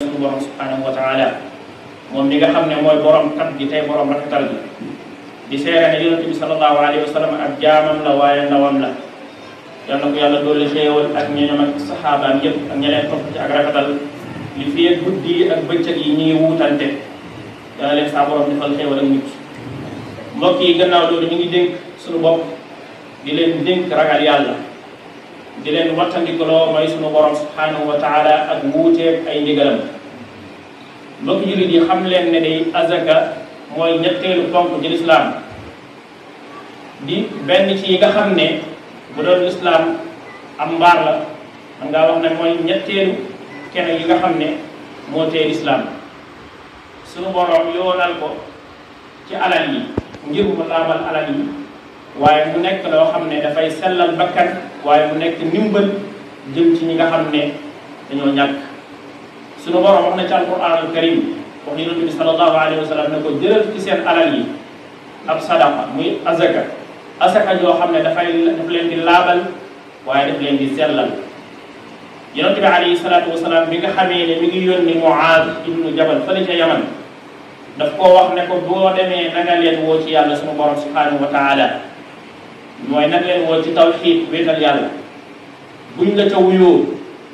suñu borom wa taala moom mi nga xam ne mooy borom kat gi tey borom rafetal gi di seere ne yonente bi salallahu alayhi wa sallam ak jaamam la waaye ndawam la yal na ko yàlla xéewal ak ñoñom ak saxaabaam ak ñeneen topp ci ak rafetal li fiyee guddi yi ak bëccëg yi wuutante yàlla leen saa borom defal xéewal ak mucc mbokk yi gannaaw loolu ñu ngi dénk suñu bopp di leen dénk ragal yàlla di leen wattandikuloo mooy sunu borom subhanahu wa ak wuuteeg ay ndigalam mbokk jullit yi xam leen ne day azaka mooy ñetteelu ponk ci lislaam di benn ci yi nga xam ne bu doon lislaam am mbaar la man ngaa wax ne mooy ñetteelu keneen yi nga xam ne moo tee lislaam sunu borom yoonal ko ci alal yi ngir mu laamal alal yi waaye mu nekk loo xam ne dafay sellal bakkan waaye mu nekk ndimbal jëm ci ñi nga xam ne dañoo ñàkk suñu borom wax na ci alquran al wax yonente bi salallahu alayhi wa sallam ne ko jëlal ci seen alal yi ab sadaqa muy azaka azaka yoo xam ne dafay daf leen di laabal waaye daf leen di sellal yonente bi alayhi salatu wasalaam bi nga xamee ne mi ngi yónni Muaaz ibnu Jabal wax ne ko boo demee na leen woo ci yàlla sunu borom subhanahu wa taala mooy nag leen woo ci tawxiid wéetal yàlla buñ la ca wuyoo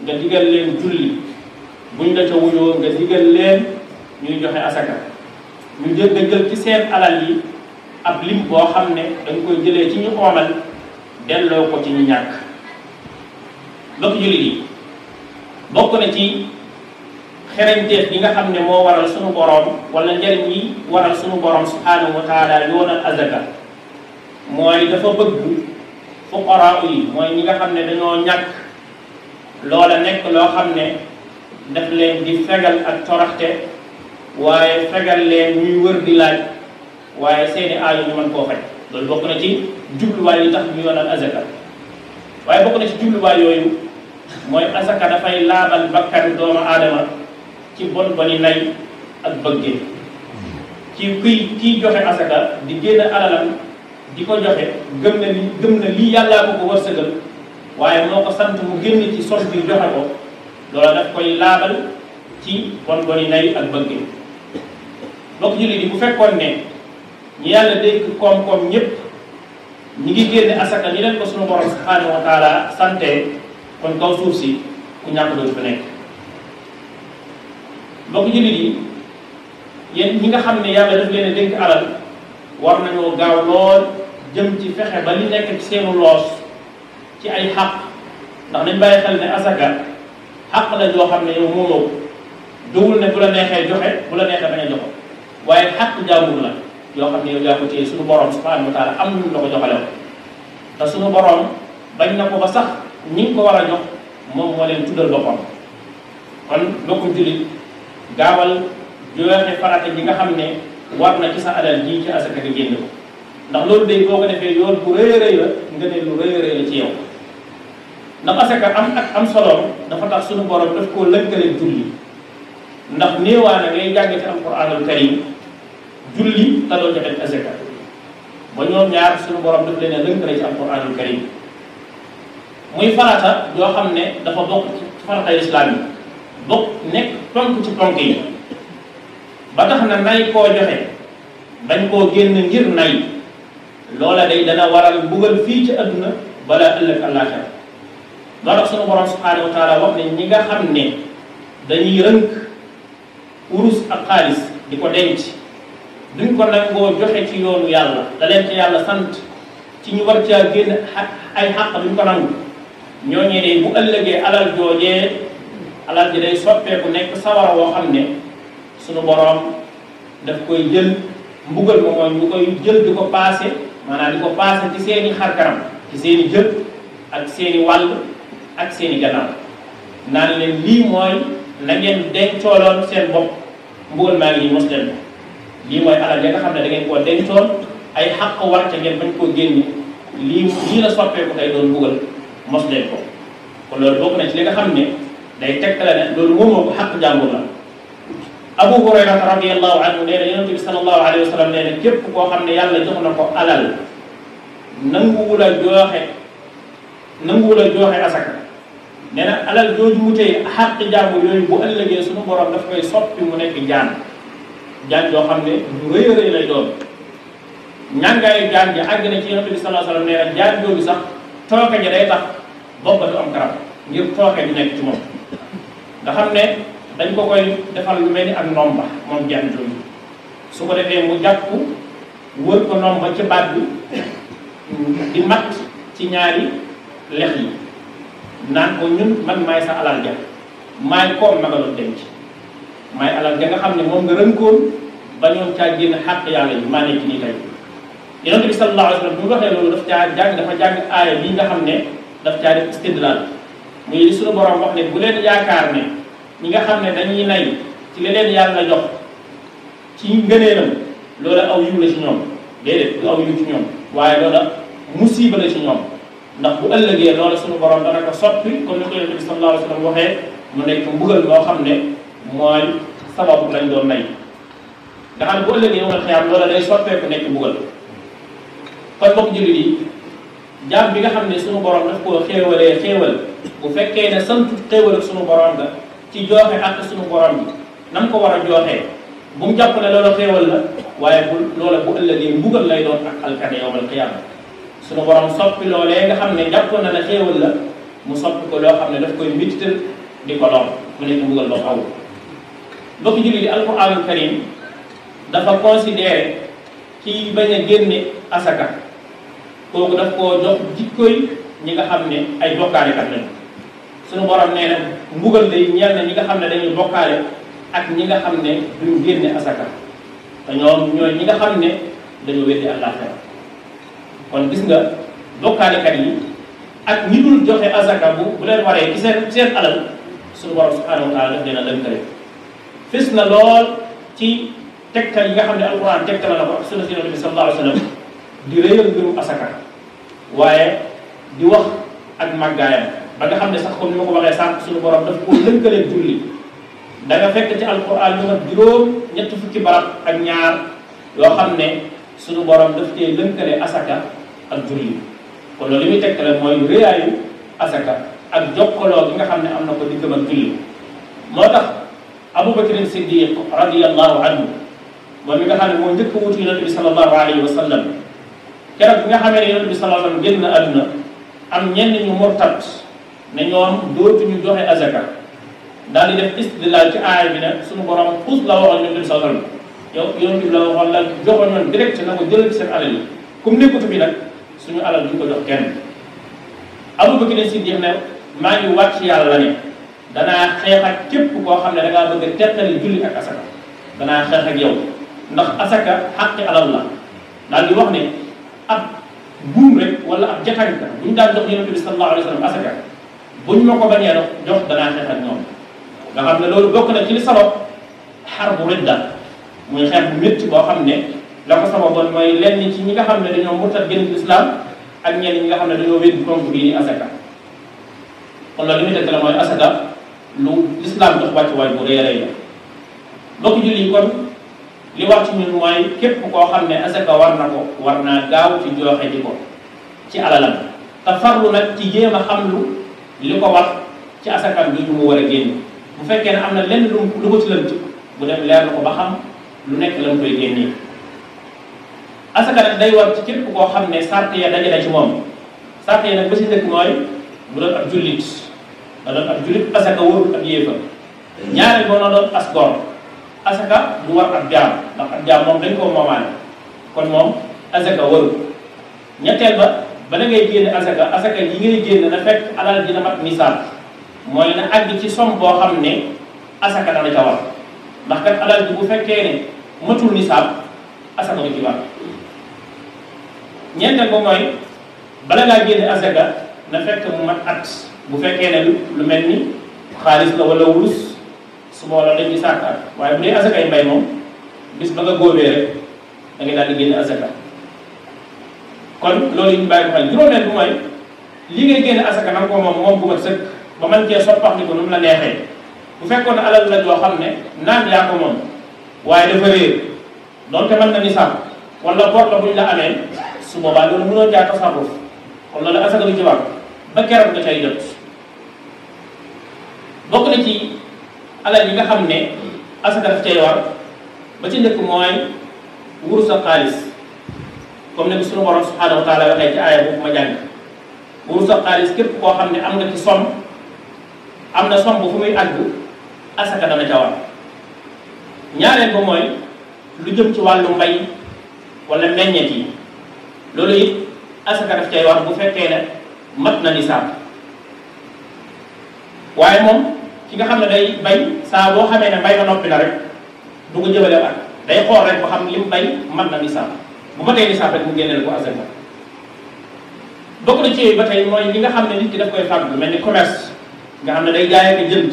nga digal leen julli buñ la ca wuyoo nga digal leen ñuy joxe asaka ñu jël nga jël ci seen alal yi ab lim boo xam ne danga koy jëlee ci ñu oomal delloo ko ci ñu ñàkk bokk jullit yi bokk na ci xereñteef gi nga xam ne moo waral sunu boroom wala njariñ yi waral sunu boroom subhanahu wa taala yoonal azaka mooy dafa bëgg fuqaraa yi mooy ñi nga xam ne dañoo ñàkk loola nekk loo xam ne daf leen di fegal ak toroxte waaye fegal leen ñuy wër di laaj waaye seeni aajo ñu mën koo faj loolu bokk na ci jubluwaay yi tax ñu yoonal yooyu mooy azaka dafay laabal bakkan doomu aadama ci bon boni nay ak bëggee ci kuy kiy joxe azaka di génn alalam di ko joxe gëm na ni gëm na lii yàllaa ko ko wërsëgal waaye moo ko sant mu génn ci sos bi joxe ko loola daf koy laabal ci bon boni nay ak bëgg bokk jullit yi bu fekkoon ne ñu yàlla dénk koom-koom ñépp ñi ngi génne asaka ñi leen ko suñu borom subhanahu wa taala santé kon kaw suuf si ku ñàkk dootu fi nekk bokk jullit yi ñi nga xam ne yàlla daf leen dénk alal war nañoo gaaw lool jëm ci fexe ba li nekk ci seenu loos ci ay xaq ndax nañ bàyyi xel ne asaka xaq la joo xam ne yow moomoo dugul ne bu la neexee joxe bu la neexee bañ a joxe waaye xaq jaamur la yoo xam ne yow yaa ko téye suñu borom subhanahu wa taala am lu la ko joxale ko bañ na ko ba sax ñi nga ko war moo leen tuddal boppam kon mbokku jullit gaawal joxe farata ji nga xam ne war na ci sa alal ji ci asaka nga génn ko ndax loolu day boo ko defee yoon bu rëy a rëy la nga lu rëy rëy la ci yow ndax asaka am ak am soloom dafa tax suñu borom daf koo lëkkale julli ndax néewaane ngay jànge ci alquranul karim julli te doo joxe asaka ba ñoom ñaar suñu borom daf leen a lëkkale ci alquranul karim muy farata yoo xam ne dafa bokk ci farata islam yi bokk nekk ponk ci ponk yi ba tax na nay koo joxe dañ koo génn ngir nay loola day dana waral mbugal fii ci adduna balaa ëllëg àllaaxira loo tax sunu borom subhaanahu wa taala wax ne ñi nga xam ne dañuy rënk urus ak xaalis di ko denc duñ ko nangoo joxe da leen sant ci ñu war caa génn ay xàq duñ ko nangu ñooñee day bu ëllëgee alal joojee alal ji day soppeeku nekk sawara woo xam ne sunu borom daf koy jël mbugal ko mooy koy jël di ko paase maanaa di ko passé ci seen i xar kanam ci seen i ak seen i wàll ak seen i gannaaw naan leen lii mooy la ngeen seen bopp mbugal maa ngi nii mos leen lii mooy alal ya xam ne da ngeen koo dencoon ay xaq war ca ngeen bañ koo génne lii lii la soppeeku tey doon mbugal mos ko kon loolu bokk na ci li xam ne day tegtale ne loolu moomoo ko xaq jàmbur la Abu Hurayrata radiyallahu anhu nee na yonente bi sallallahu alayhi wa na képp koo xam ne yàlla jox na ko alal nanguwul jooxe nanguwul a jooxe asaka nee na alal jooju mu tey xàq jaamu yooyu bu ëllëgee suñu borom daf koy soppi mu nekk jaan jaan joo xam ne lu rëy a rëy lay doon ñàngaayu jaan ji àgg na ci jooju sax tooke ji day tax bopp ba du am ngir tooke bi nekk ci moom nga xam ne dañ ko koy defal lu mel ni ak ndomba moom jaan jooju su ko defee mu jàpp wër ko ndomba ci baat bi di mat ci ñaari lex yi naan ko ñun man maay sa alal ja maay koom magaloon denc maay alal ja nga xam ne moom nga rënkoon bañoon caa génn xàq yàlla yi maa nekk nii tey yonent bi dafa jàng aaya bi nga xam ne daf caa def istidlaal borom wax ne bu leen yaakaar ne ñi nga xam ne dañuy nay ci leneen leen yàlla jox ci ngëneelam loolu aw yiw la ci ñoom déedéet du aw yiw ci ñoom waaye loolu musiba la ci ñoom ndax bu ëllëgee loolu suñu borom dana ko soppi comme ni ko yonent bi mu nekk mbugal moo xam ne mooy sababu lañ doon nay nga xam ne bu ëllëgee yomal xiyaam loola day soppeeku nekk mbugal kon mbokk jullit yi jaam bi nga xam ne suma borom daf koo xéewalee xéewal bu fekkee ne sant xéewal suma borom nga ci jooxe ak suñu borom bi nam ko war a jooxee bu mu jàpp ne loola xéewal la waaye bu loola bu ëllëgee mbugal lay doon ak alkane yowmal qiyaama suñu borom soppi loolee nga xam ne jàpp na ne xéewal la mu soppi ko loo xam ne daf koy mbittal di ko doon mu nekk mbugal ba xaw mbokk julli di alquraanul karim dafa considéré kii bañ a génne asaka kooku daf koo ñi nga xam ne ay bokkaalekat lañu suñu borom nee na mbugal day ñeel na ñi nga xam ne dañuy bokkaale ak ñi nga xam ne duñu génne asaka te ñoom ñooy ñi nga xam ne dañoo weddi àllaaxira kon gis nga bokkaalekat yi ak ñi dul joxe asaka bu bu leen waree ci seen alal suñu borom subhanahu wa taala daf leen a lënkale fis na lool ci tegtal yi nga xam ne alquran tegtal la ko ak sunna si yonent bi sallallahu alayhi wa sallam asaka waaye di wax ak màggaayam ba nga xam ne sax comme ni ko waxee sànq suñu borom daf ko lëkkaleeg julli nga fekk ci alquran ñu ñetti fukki barab ak ñaar yoo xam ne suñu borom daf cee lëkkale asaka ak julli kon loolu li muy tegtale mooy réyaayu asaka ak jokkaloo gi nga xam ne am na ko diggam ak julli moo tax aboubacarin siddiq radiallahu anhu moom mi nga xam ne moo njëkk wutu yonente bi salallahu alayhi wa sallam keroog bi nga xamee ne yonente bi salallahu alayhi wa na àdduna am ñenn ñu murtat ne ñoom dootuñu joxe azaka daal di def istidlaal ci aaya bi nag suñu la waxoon ñoom dem sa sallam yow yoon bi la waxoon la joxoon ñoom direct na ko jëlal ci seen alal yi comme nekkatu fi nag suñu alal duñ ko jox kenn amu bëgg dañ si jeex ne maa ngi wàcc yàlla ne danaa xeex ak képp koo xam ne da ngaa bëgg a teqali julli ak asaka danaa xeex ak yow ndax asaka xaqi alal la daal di wax ne ab buum rek wala ab jatanka bu ñu daan jox yonente bi sallallahu alayhi wa sallam buñ ma ko bañee jox danaa xeex ak ñoom nga xam ne loolu bokk na ci li sabab xar bu ridda muy xeex bu métti boo xam ne la ko sababoon mooy lenn ci ñi nga xam ne dañoo murtat génn ci ak ñenn nga xam ne dañoo wéddi tontu bii ni asaka kon la mooy asaka lu islam jox wàccuwaay bu rëy a rëy la mbokku julli kon li wax ci ñun mooy képp koo xam ne asaka war na ko war naa gaaw ci joxe ji ko ci alalam te farlu nag ci a xam lu. li ko wax ci asakam bi lu mu war a génn bu fekkee ne am na lenn lu lu ko ci bu dem leer na ko ba xam lu nekk la koy génnee asaka nag day war ci képp koo xam ne sart ya daje na ci moom sart ya nag ba si dëkk mooy mu doon ab jullit nga doon ab jullit asaka warul ab yéefar ñaareel boo na doon as asaka du war ab jaam ndax ab jaam moom dañ koo moomaane kon moom asaka warul ñetteel ba bala ngay génne asaka asaka yi ngay génne na fekk alal dina mat misaal mooy na àgg ci som boo xam ne asaka dana ca war ndax kat alal ji bu fekkee ne matul nisaab asaka du ci war ko mooy bala ngaa génne asaka na fekk mu mat at bu fekkee ne lu mel ni xaalis la wala wurus su booloo dañ ci sàkkaat waaye bu dee asaka yi mbay moom bis ba nga góobee rek da ngay di génne asaka kon loolu ñu bàyyi ko xel juróomeel bi mooy li ngay génn asaka na nga ko moom moom bu ma sëkk ba mën cee soppaxni ko nu mu la neexee bu fekkoon alal la joo xam ne naan yaa ko moom waaye dafa réer donte man na ni sàmm wala bor la buñ la amee su boobaa la mënoo jaar tasarruf kon loolu asaka lu ci war ba keroog nga cay jot bokk na ci alal yi nga xam ne asaka daf cay war ba ci nekk mooy wurus xaalis comme ne bi suñu borom subhanahu wa taala waxee ci aaya boobu ma jàng buur sa xaalis képp koo xam ne am nga ci som am na som bu fu muy àgg asaka dana ca war ñaareel ba mooy lu jëm ci wàllu mbay walla meññeet yi loolu it asaka daf cay war bu fekkee ne mat na nisaab waaye moom ki nga xam ne day bay saa boo xamee ne mbay ma noppi na rek du ko jëbale at day xool rek ba xam li mu bay mat na nisaab bu ma tey nisaab rek mu génneel ko asaka bokk na ci yooyu ba tey mooy li nga xam ne nit ki daf koy fàgg lu mel ni commerce nga xam ne day gaa ak jënd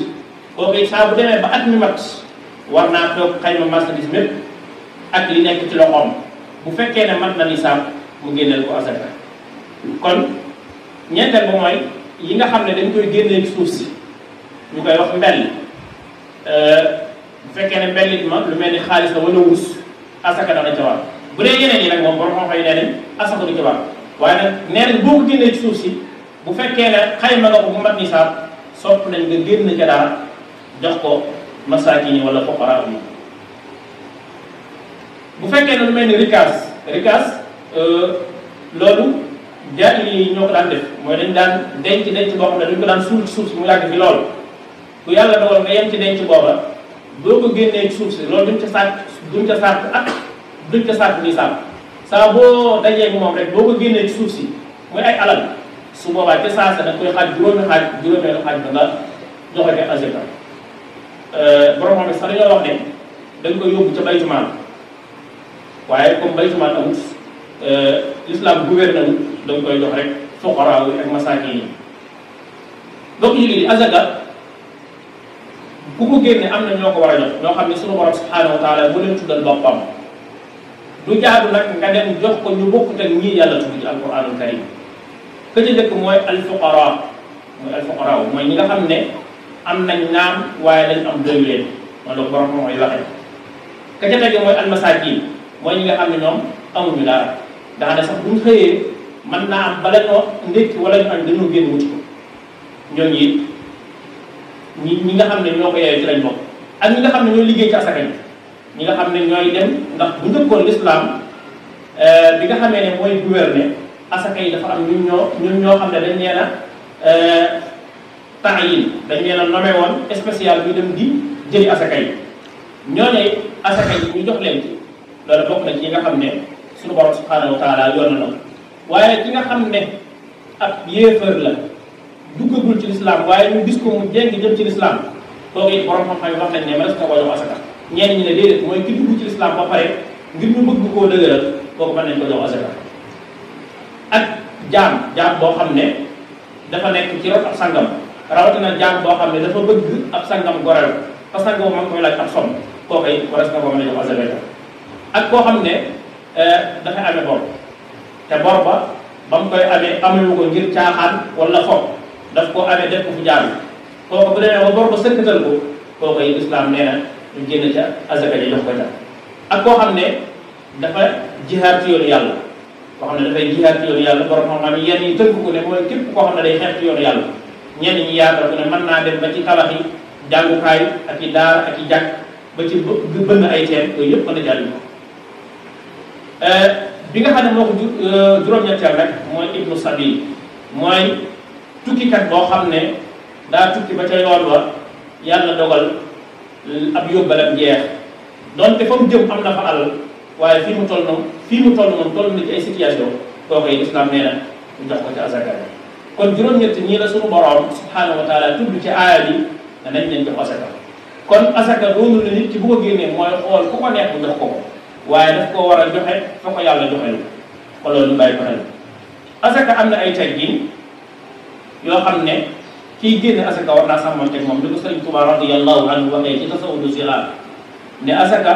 kooku it ba at mi mat war naa toog xayma marchandise mépp ak li nekk ci loxoom bu fekkee ne mat na nisaab mu génneel ko asaka kon ñeenteel ba yi nga xam ne dañ koy génneel suuf si ñu koy wax mbell euh, bu fekkee ne mbellit ma lu mel ni xaalis la wala wus asaka dana ca war bu dee yeneen yi nag moom borom xam-xam yi nee nañ asaka du waaye nag boo ko génnee suuf si bu fekkee ne xayma nga ko bu mat nisaab sopp nañ nga génn ca dara jox ko masaakin yi wala bu fekkee ne lu mel ni rikaas rikaas euh, loolu jaahili yi ñoo ko daan def mooy dañ daan denc denc boo xam ne dañ ko daan suul ci suuf si mu yàgg fi lool ku yàlla dogal nga yem ci denc booba boo ko génnee ci suuf si loolu duñ ca sàcc duñ ca duñ ko sàkk nii sàkk saa boo dajeeg moom rek boo ko génnee ci suuf si muy ay alal su boobaa ca saa sa koy xaaj juróomi xaaj juróomeelu xaaj ba nga joxe ko azaka euh, borom xam ne sax dañ koy yóbbu ca baytu maal waaye comme baytu maal amut euh, l'islam koy jox rek fuqaraa yi ak masaakin yi donc ñu ngi azaka am na ñoo ko war a jox ñoo xam ne sunu borom subhanahu wa taala bu leen tuddal boppam lu jaadu nag nga dem jox ko ñu bokkut ak ñii yàlla tudd ci alquranul karim ka ci njëkk mooy alfuqara mooy mooy ñi nga xam ne am nañ naam waaye dañ am doyu leen loolu borom mooy waxee ka ca tege mooy almasaakin mooy ñi nga xam ne naa am bala ñoo ndékki wala ñu am dañoo génn wuti ko ñooñu ñi nga xam ne ñoo ko yaayee ci lañ bokk ak ñi nga xam ne ñoo liggéey ci asaka ñu nga xam ne ñooy dem ndax bu njëkkoon l'islam euh, bi nga xamee ne mooy gouverner asaka yi dafa am ñun ñoo ñun ñoo xam ne dañ leen a euh, taayin dañ leen a nommé woon spécial bi dem di jëli asaka yi ñoo ne asaka yi ñu jox leen ci loolu bokk na ci yi nga xam ne suñu borom subhanahu wa taala yoon na waaye ki nga xam ne ab yéefar la duggagul ci lislaam waaye ñu gis ko mu jéng jëm ci lislaam kooku it borom xam-xam ne ma des na ko jox asaka ñenn ñi ne déedéet mooy ki dugg ci lislaam ba pare ngir ñu bëgg koo dëgëral kooku mën nañ ko jox asaka ak jaam jaam boo xam ne dafa nekk ci rot ab sangam rawatina jaam boo xam ne dafa bëgg ab sangam goreel fa sangam moom koy laaj ak koo xam ne eh, dafay amee bor te bor ba ba mu koy amee amuñu ko ngir caaxaan wala foog daf ko amee def ko fu jaar kooku bu demee ba bor ba sëkkatal ko kooku it lislaam nee ñu génn ca azaka ji jox ak koo xam ne dafa jihaat ci yoonu yàlla koo xam ne dafay jihaat ci yàlla borom xam ko ne mooy képp koo xam ne day xeex yàlla ñenn ñi yaakaar ko ne mën naa dem ba ci tabax yi jàngukaay ak i daara ak i jàkk ba ci bënn ay teen yooyu yëpp mën a jàll euh, bi nga xam ne moo ko euh, juróom-ñetteel rek mooy ibnu sabi mooy tukkikat boo xam ne daa tukki ba ca yoon wa yàlla dogal ab yóbbalam jeex donte fa mu jëm am na fa àll waaye fii mu toll noonu fii mu toll noonu toll na ci ay situation kooku yi nee na ñu jox ko ci asaka kon juróom-ñett ñii la suñu borom subhanahu wa taala tudd ci aaya bi ne nañ leen jox asaka kon asaka doonu la nit ci bu ko génnee mooy xool ku ko neex bu jox ko ko waaye daf koo war a joxe fa ko yàlla joxe lu ko loolu ñu bàyyi ko xel asaka am na ay teggin ñoo xam ne kiy génne asaka war naa sàmmanteeg moom ni ko sëriñ Tuubaa radiyallahu waxee ci tasawudu siraar ne asaka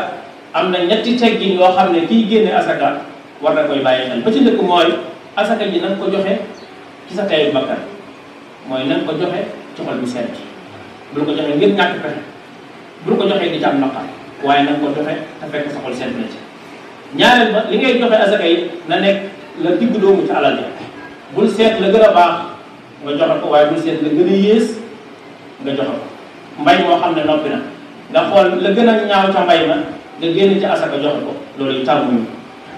am na ñetti teggin yoo xam ne kiy génne asaka war na koy bàyyi xel ba ci dëkk mooy asaka ji na ko joxe ci sa kayu bakkan mooy na ko joxe ci xol bu sedd bul ko joxe ngir ñàkk pexe bul ko joxe di ci am waaye na ko joxe te fekk sa xol sedd na ci ñaareel ba li ngay joxe asaka yi na nekk la digg doomu ci alal ja bul seet la gën a baax nga joxe ko waaye bul seet la gën a yées nga joxe xam ne noppi na nga xool la gën a ñaaw ca mbay ma nga génn ci asaka joxe ko loolu yu tàmmuñu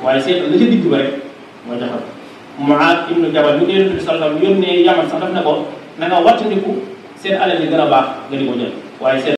waaye seetal la ca digg ba rek nga joxe ko Muaad ibnu Jabal ñu ne yonent bi sallallahu alayhi Yaman sax daf ne ko na nga wattandiku seen alal yi gën a baax nga di ko jël waaye